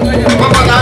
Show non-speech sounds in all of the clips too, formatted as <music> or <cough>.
Papa,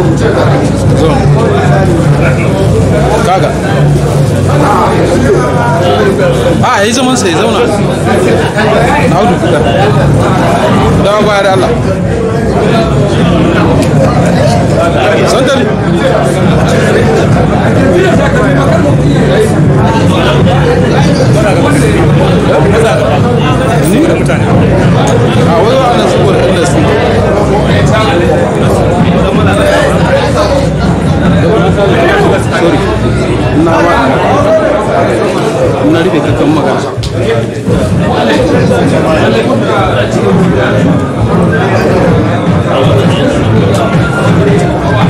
kaga ah, a yi zaman sai zauna na hudu kuka dawa baya da Allah ni ah, su sorry na ba na rufe kakan magana Thank you.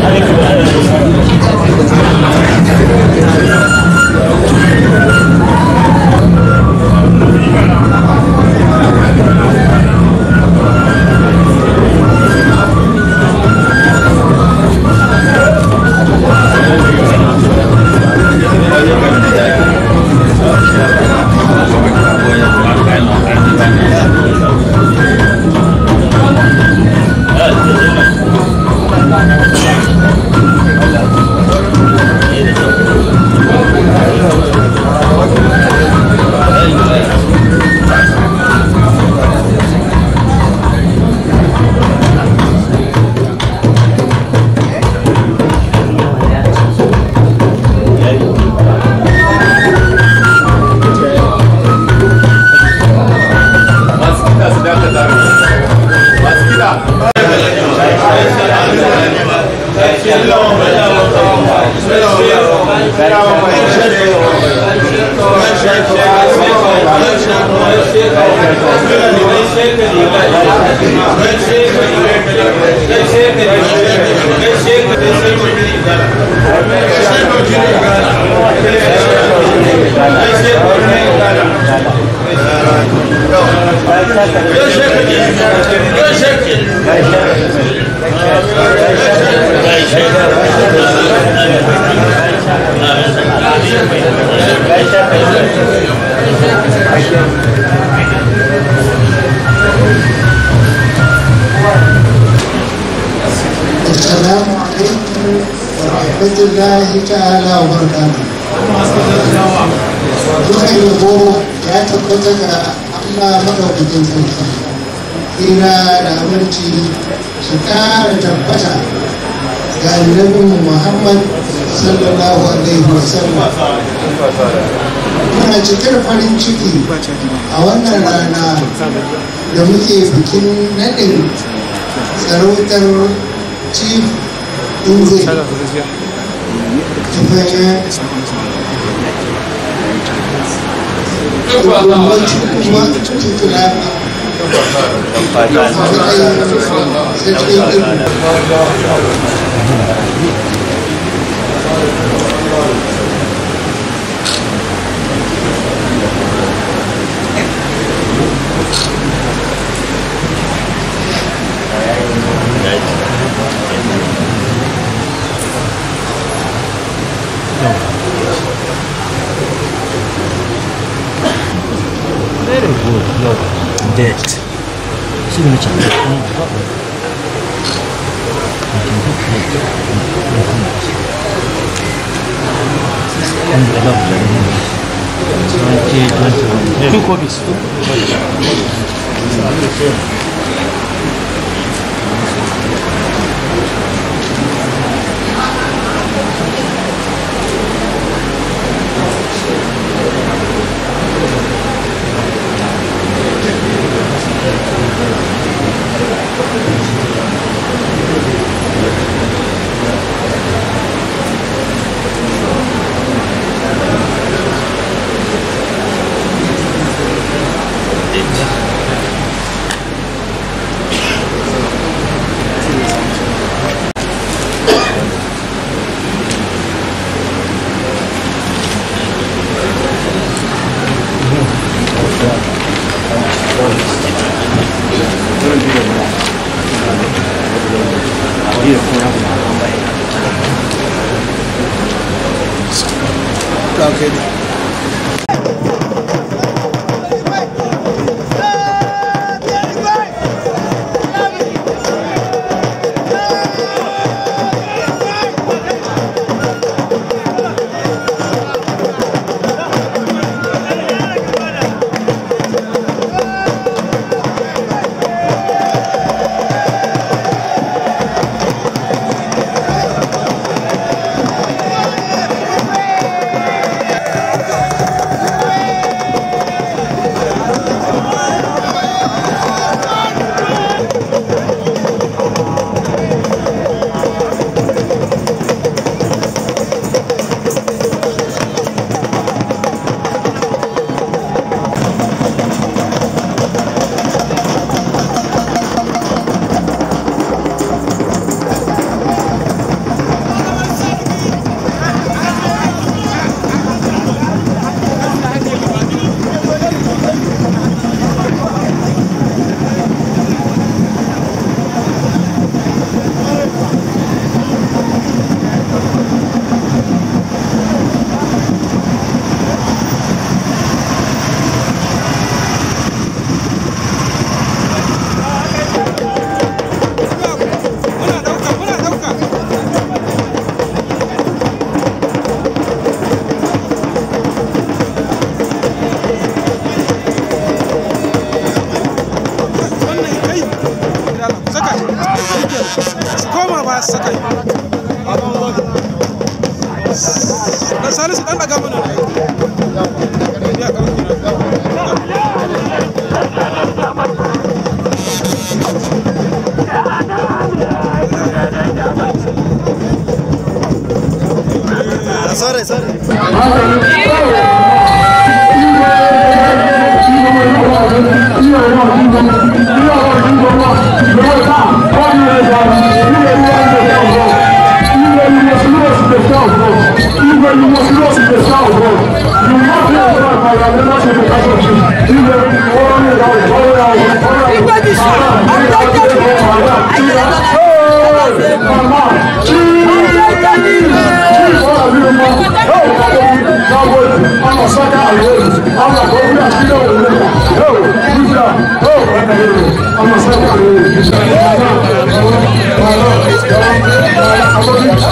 I think السلام عليكم ورحمة الله تعالى وبركاته. Dukkan yabo ya tabbata ga Allah maɗaukakin sarki Ina da amurci su kara tabbata ga annabin Muhammad sallallahu alaihi wasallam muna cikin farin ciki a wannan rana da muke bikin naɗin sarautar chief inzai toplumda çıkma kültürel Yok Allah'a emanet 빼래 뭐 이거 근데 시그니처 안 되는 거가 두 아, 컵이 있어. 됩니다. 예. okay.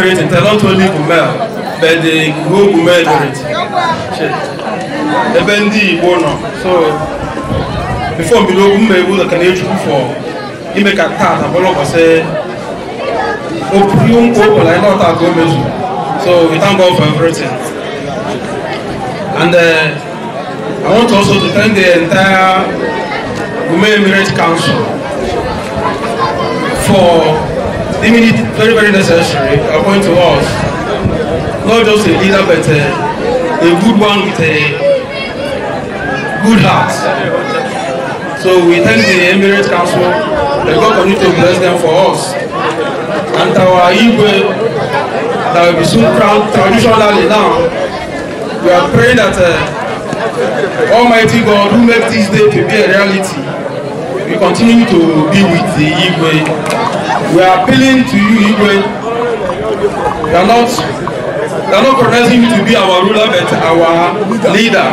Emirates, it's not only Gumer, but the whole Gumer Emirates. Ebe ndị Igbo nọ. So, before we mbido okwu mma ewu ka na-echukwu fọ ime ka taata bụrụ kwasị okwu nkwa ụbụla anyị nọta ka o mezu. So, we thank God for everything. And uh, I want also to thank the entire Gumer Emirates Council for deeming it very, very necessary, according to us, not just a leader, but a, a good one with a good heart. So we thank the Emirates Council, the God continue to bless them for us. And our Igwe that will be soon crowned traditionally now, we are praying that uh, Almighty God who makes this day to be a reality, we continue to be with the Igwe we are appealing to you Igwe you are not you are not professing to be our ruler but our leader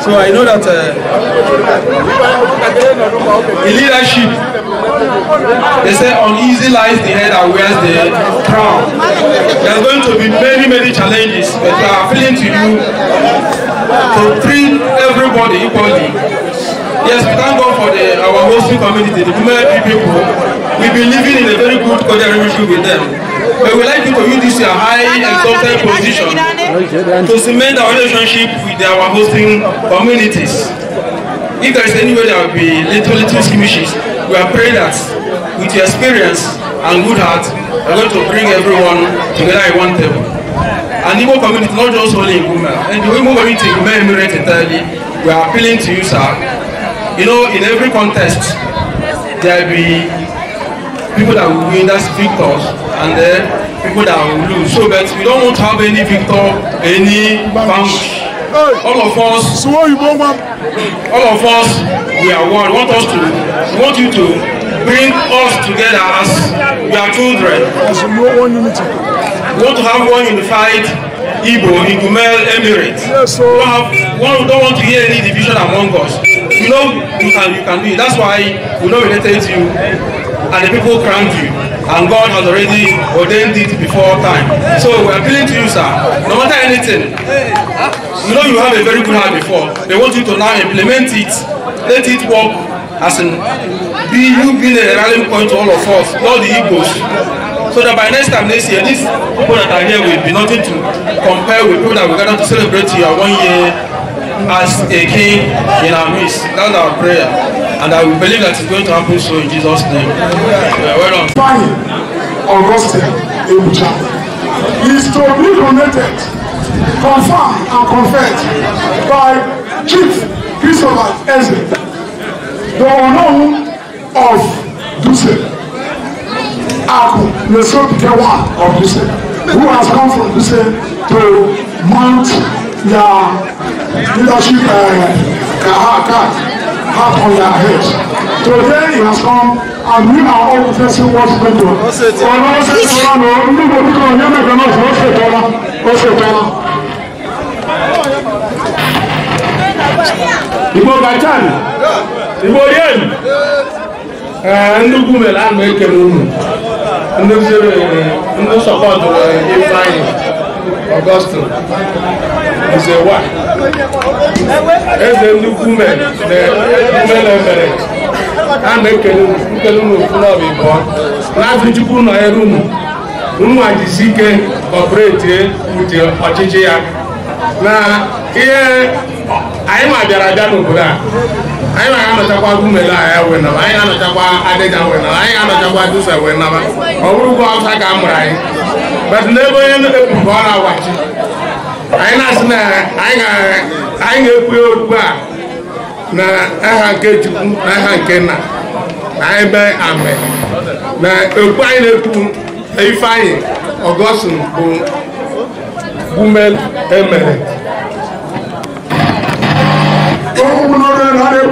so I know that uh, in leadership they say uneasy lies the head that wears the crown there are going to be many many challenges but we are appealing to you to treat everybody equally yes we thank God for the our hosting community the women people. We've been living in a very good cordial relationship with them but we like you to use this a uh, high exalted position to cement our relationship with our hosting communities if there is any way there will be little little skirmishes we are praying that with your experience and good heart you going to bring everyone together at one table and Igbo community not just only in Guma and the Igbo community in Guma Emirate entirely we are appealing to you sir you know in every contest there will be people that will win, that's victors, and then people that will lose. So that we don't want to have any victor, any vanquish. Hey. All of us, so you know, all of us, we are one. want us to, we want you to bring us together as we are children. As we know one unity. We want to have one unified Igbo, Igumel Emirate. Yes, so. We have, one, we don't want to hear any division among us. You know, you can, you can do it. That's why we don't relate to you and the people crowned you. And God has already ordained it before time. So we are appealing to you, sir. No matter anything, you know you have a very good heart before. They want you to now implement it. Let it work as in be you being a rallying point to all of us, all the Igbos so that by next time next year these people that are here will be nothing to compare with people that we gather to celebrate your one year as a king in our midst. That's our prayer. And I believe that it's going to happen so in Jesus' name. Yeah, well done. Fine. Augustine Ebuja is to be donated, confirmed, and confirmed by Chief Christopher Eze, the unknown of Duse, Aku, the Sopike one of Duse, who has come from Duse to Mount their leadership uh, uh, have on their head. Today he has come and we are all facing what's going on. Ọ̀nà ọ̀sẹ̀ tọ́lá lọ, nígbà tí kan yẹn mẹ́ta náà fún ọ̀sẹ̀ tọ́lá, ọ̀sẹ̀ tọ́lá. Igbo Batan, Igbo Yen, e, ndị ukwu mere anụ ekele unu, ndị zere ndị sọpọtụ eh, Ifeanyi, Augustine. Nzewa eze nnukwu ume na emere a na-ekele nkele unu ofu n'ọbụ ịbụọ na-ajụ chukwu nọ eru unu unu ajisi ike kọpụretie uche ọchịchị ya na ihe anyị ma bịara abịa n'obodo a anyị ma anọchakwa gumele aya wee naba anyị anọchakwa adịja wee naba anyị anọchakwa dusa wee naba ọ bụrụ ụgwọ ọsa ka a mụrụ anyị bet n'ebe onye na-ebu ka ọ agwachi anyị na-asị na anyị ga-ekwu okwu a na aha nke Chukwu na aha nke nna anyị be ame na okwu anyị na-ekwu Ifeanyi Augustine bụ Gumel emere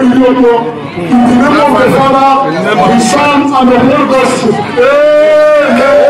In the name of the Father, the Son, and the Holy Ghost.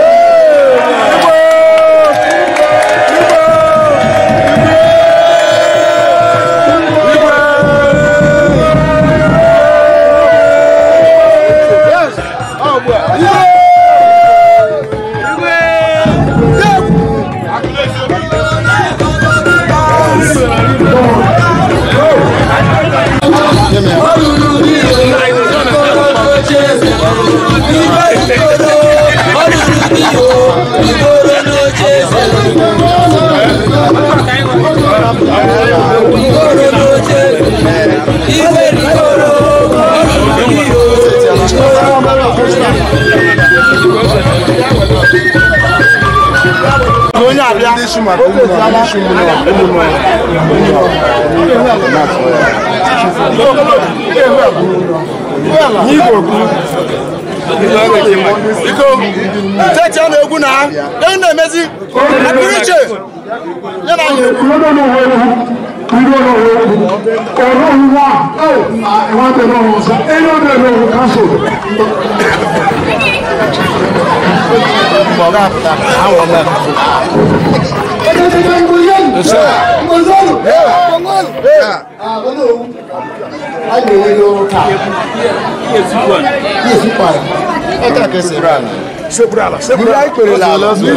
biko chọọchị a na-egwu na ha ewu na-emezi akpụrụ iche ya na anyị Ó tẹ̀ kí sí Ibrahim. Se brala, se brala. Bila ikpere la alo. Bila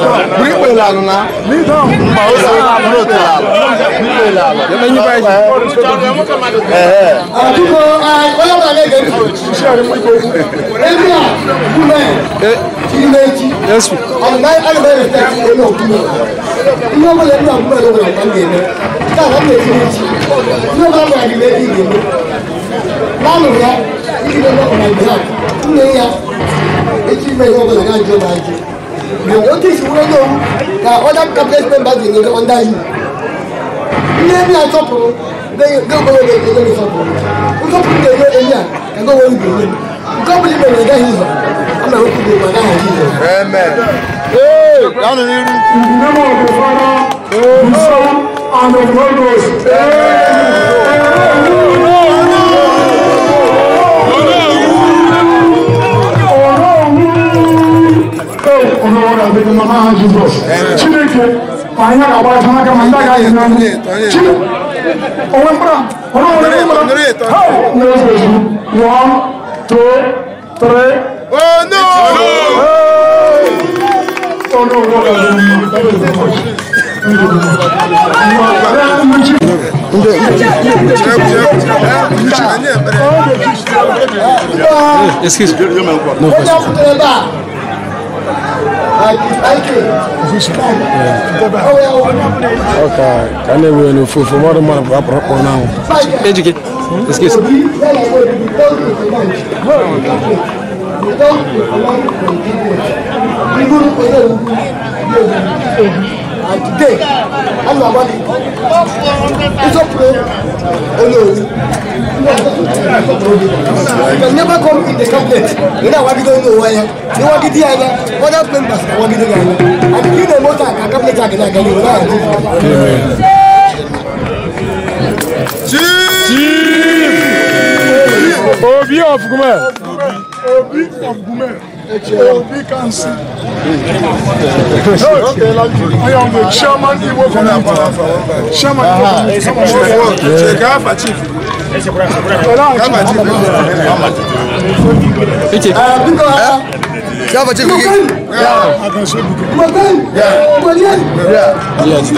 ikpere la alo na. Nidɔn. Mba o se n'o tɛ la alo. Ikpere la alo. Ebe nyi bayi. Ɛɛ. Àdúgbò ayi ọlọ́wọ́ alẹ́ gẹ̀ẹ́dì. Iṣẹ́ rẹ̀ mú ikọ̀ ogun. Ebi a kúlẹ̀ ilé jí. Yẹ́sù. Ọ̀nà ayọ̀dẹ̀ rẹ̀ tẹ̀ ẹ̀mí òkú mi. Ilé ọmọ yẹn ní àbúrò ẹ̀ lọ́wọ́ ọ̀gá ń gẹ̀ẹ́mẹ́. Táwọn ọmọ yẹn ti ní jí. Ilé ọmọ yẹn ti ní jí nne ya eji ime ihe ọbụla na ajụ na ajụ bụ otu isi were nye owu na ọda kabinet members dị n'ego ndị anyị nne ndị asọpụrụ gọbụrụ ga-enye nsọpụrụ nsọpụrụ ga-enye enyi a ka ga-enye ibe na ịgaghị ọ na okwu gaghị ụzọ amen ee gaanụ n'iru ndị m ọgụ fara nsọ anụ gbogbo ee n'ọrịa dị mma n'aha Jizọs Chineke ma anyị a ga-agbara ha aka ma ndị aga anyị n'anya onwe mkpara onye nwere ihe mara ha na-ezu ezu one two three oh no oh no Excuse me. No question. ọka ka na-enwe na ofufu mmadụ mmadụ bụ apụrụ akpọ n'anwụ ejike excuse Thank you and today allah wali it's up to olori you can never come in the cabinet without wagide olówó yẹn ni wagide yẹn na other members na wagide yẹn na and you dey know that cabinet yẹn na gani without wagide. Obi of Gumen. Obi of Gumen will be cancelled. I am the chairman Igbo community. Chairman on, Igbo community. Gaba chief. Gaba chief. Attention, Bouquet. Yeah. Yeah. Yes,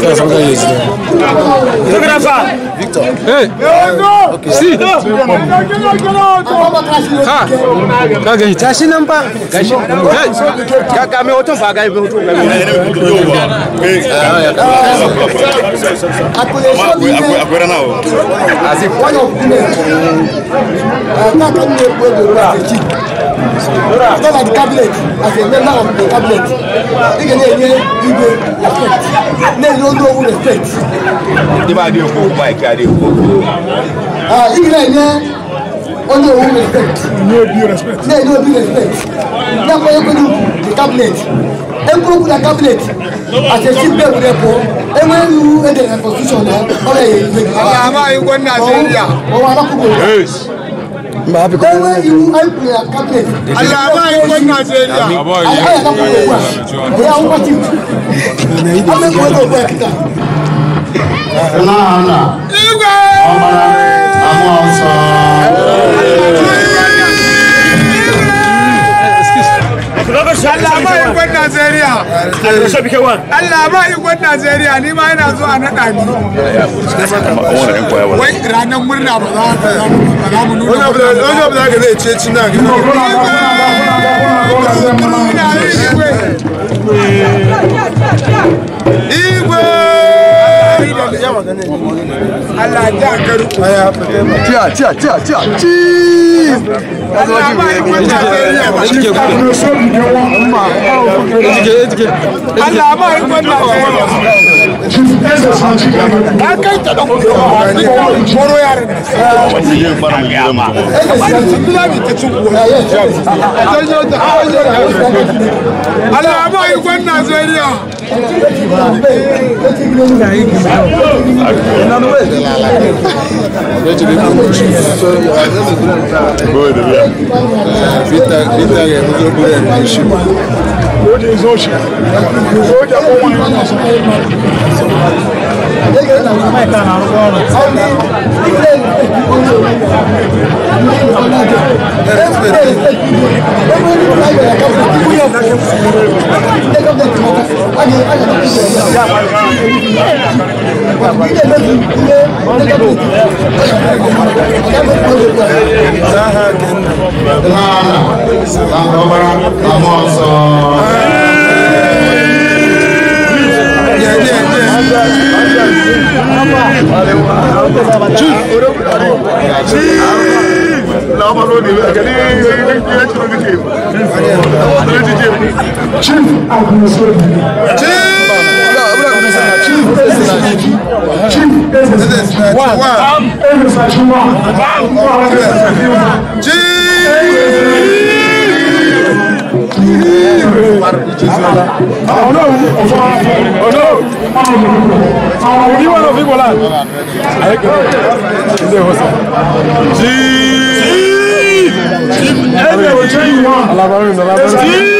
yes, I'm going to use it. Look at that Victor. Hey. No. Okay. See. Ha. Gaji. Tashi namba. Gaji. Ga ga me oto fa ga me oto. Akulesho ni. Akwera na o. Asi. Wano kume. Ata kan ne kwe do ra. It's not like the cabinet, as a member of the cabinet. You can hear you go uh, affect. Then you don't know who affect. Ní bá dé òkú máa kí adé òkú. Ìgbìlẹ̀ yẹn ó ní òun respect. Ní òbí respect. Ní òbí respect. Ní àpò ẹgbẹ́ ní the cabinet. Ẹgbẹ́ òkú la cabinet. As a chief member bẹ́ẹ̀ wúlẹ̀ pọ̀. Ẹgbẹ́ ìlú ẹ̀dẹ̀ constitution náà ọ̀rẹ́ yẹn ìgbẹ́. Ọ̀la going to Nàìjíríà. Ọ̀wọ́ Yes mba hapi kwa wewe you are player captain alama yuko Nigeria alama yuko kwa ya uko timu ame kwa kwa kita na na igwe amara amọ so Allah ba ikon Najeriya. Allah ba ikon Najeriya ni ma yana zuwa na ɗani. Wai ranar murna ba za ta zama nuna. Wani abu da ga zai ce cin nan. Allah ba yi gwan Najeriya Böyle bir yer. Bir tane, bir tane yapıp buraya bir işim var. Böyle izin hoş. Böyle yapamam. Sahagin, Sahagin, Sahagin, Sahagin, Sahagin, Chief! Oh no, oh no. Oh, you want to people like? I go. They was. Jim. Jim. Anyway, what you want? I love him. I love him.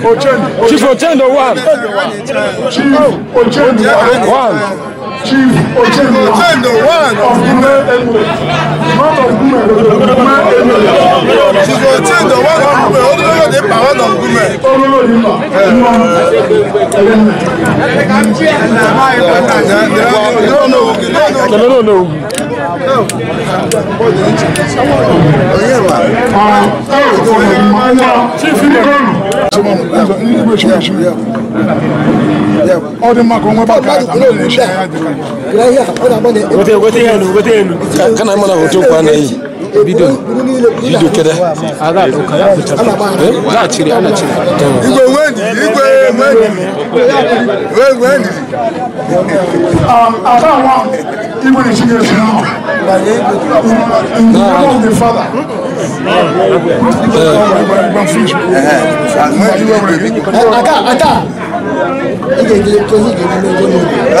Chief Ochendo one. Chief Ochendo one. Chief Ochendo one. Of Gume Emirates. Not of Gume, Gume Emirates. Chief Ochendo one of Gume. Olúlóyè ní pa one of Gume. Olúlóyè ní pa. Ẹ̀ẹ́dẹ́gbẹ̀rún. Ẹ̀ẹ́dẹ́gbẹ̀rún. Ẹ̀ẹ́dẹ́gbẹ̀rún ọdún mako kana mana hoto kwana yi bidiyo kɛdɛ. a ka to kana fita even the children now. In the honor of the father.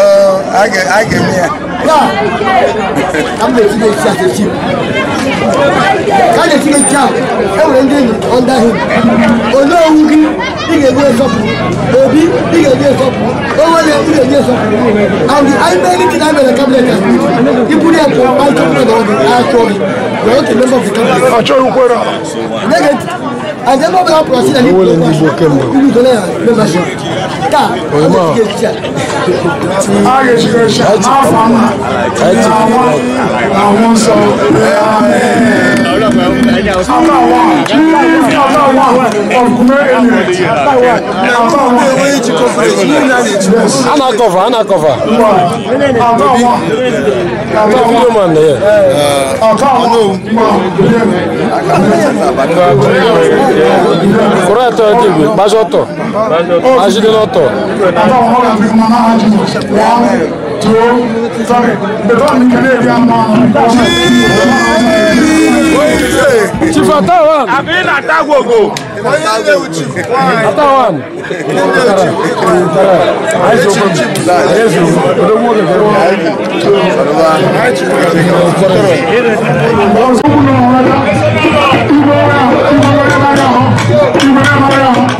Aka uh, I get I get me. <laughs> I'm the káde tiri jam enwere ndị enyi ọnda him oleowu gị ị ga-enye nsọpụrụ obi ị ga-enye nsọpụrụ owele ị ga-enye nsọpụrụ and the imeli dị na mere kabinet as iburu ya pụọ ma ntụ ọbụla ọdụ atụọrị were otu member of the cabinet achọghị ukwere negative and then ọbụla pụrụ asị na n'ibu ụzọ ya membership ta ọmọ ti àwọn sọ ana cover ana cover. video man there. Uh, no. Kura to tibi, bajoto. Ajide loto. tó sọ̀rọ̀ one. wà ní kẹlẹ́ ìdí àmọ́ chief atawan. àbí nàta gbogbo. atawan. Thank you.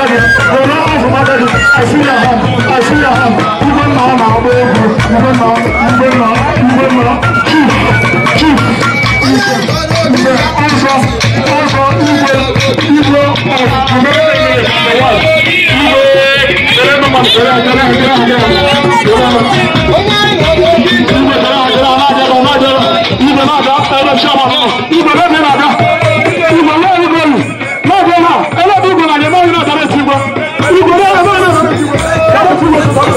mother you, the love of mother you. I see your hand, I see your hand. You went now, now, baby. You went now, you went now, you went now. Chief, chief. Ibe, also, also, Ibe, Ibe of America, the world. Ibe, tere no man, tere, tere, tere, tere, tere. Ibe, tere, tere, na jero, na jero. Ibe na da, tere, shama, Ibe na da, Ibe na Ibe na. Kapitulation!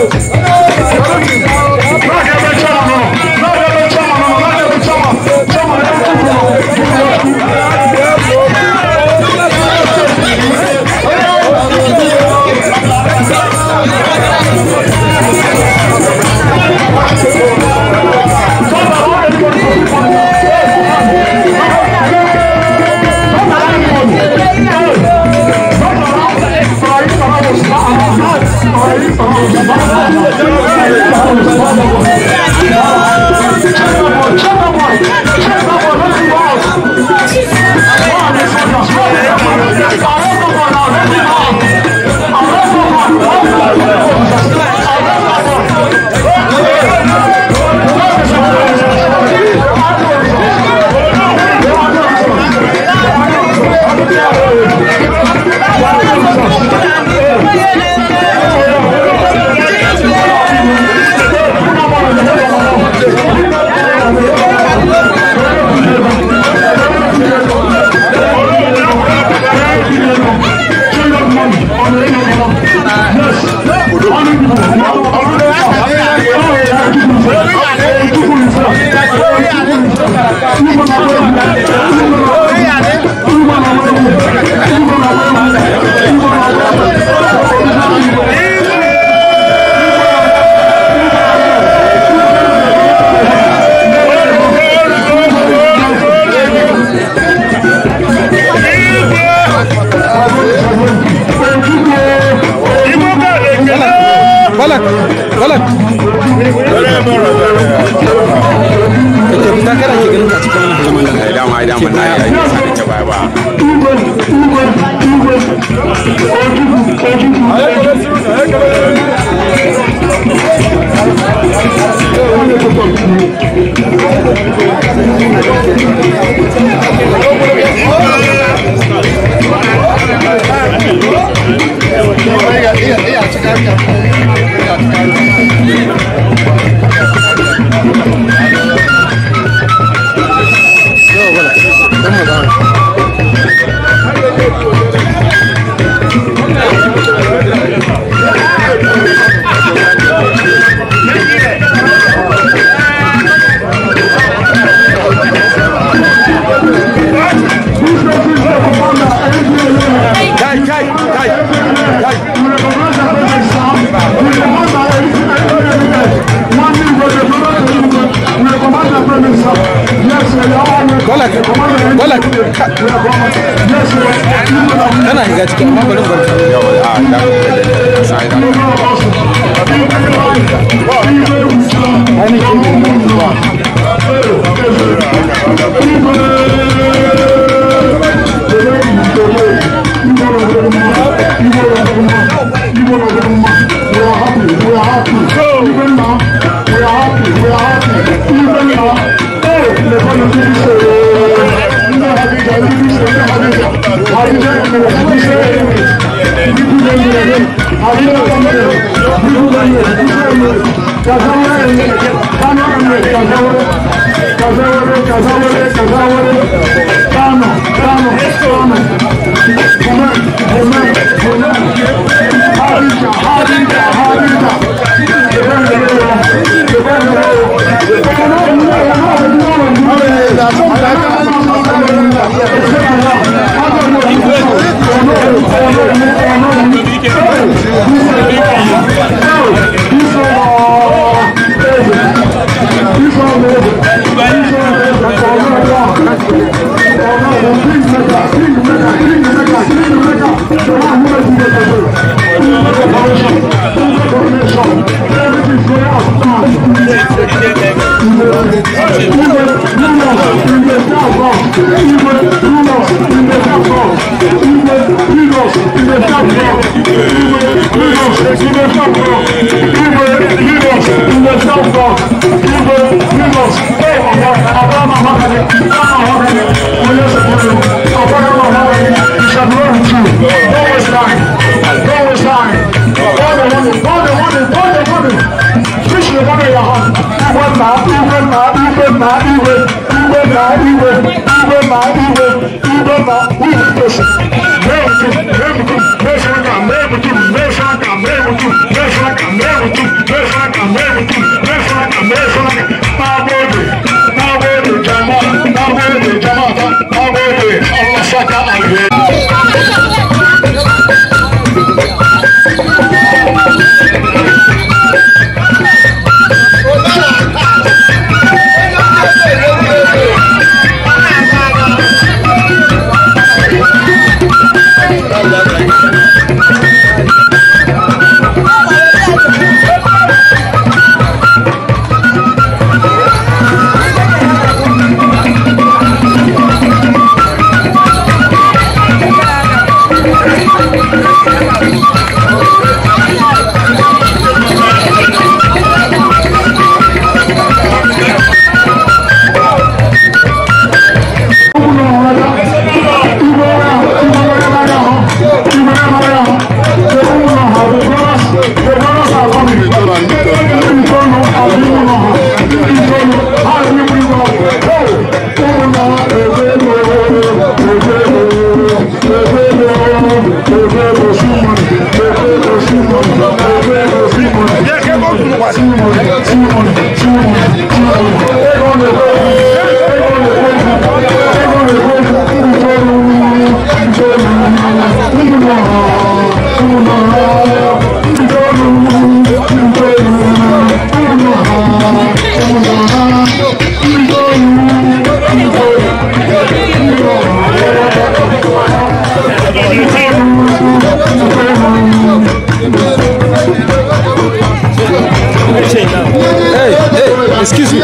excuse me.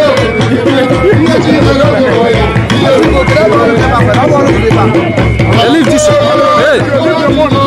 leave this. Hey.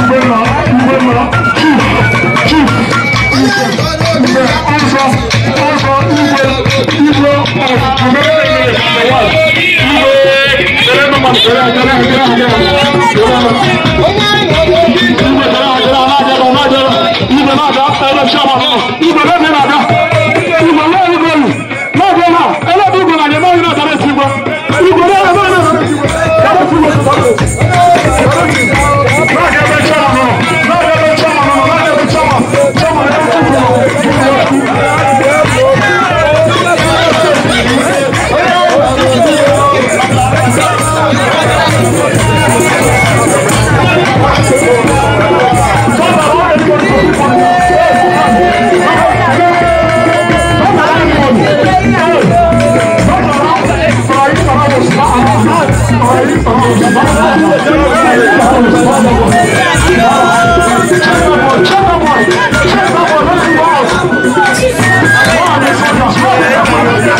ìwé lọ ìwé lọ chief chief ìwé ìwé ọ̀sọ̀ ọ̀sọ̀ ìwé ìwé ọ̀sọ̀mẹ́rẹ́mẹ́rẹ́ ìwé ìwé ìwé ìwé ìwé ìwé ìwé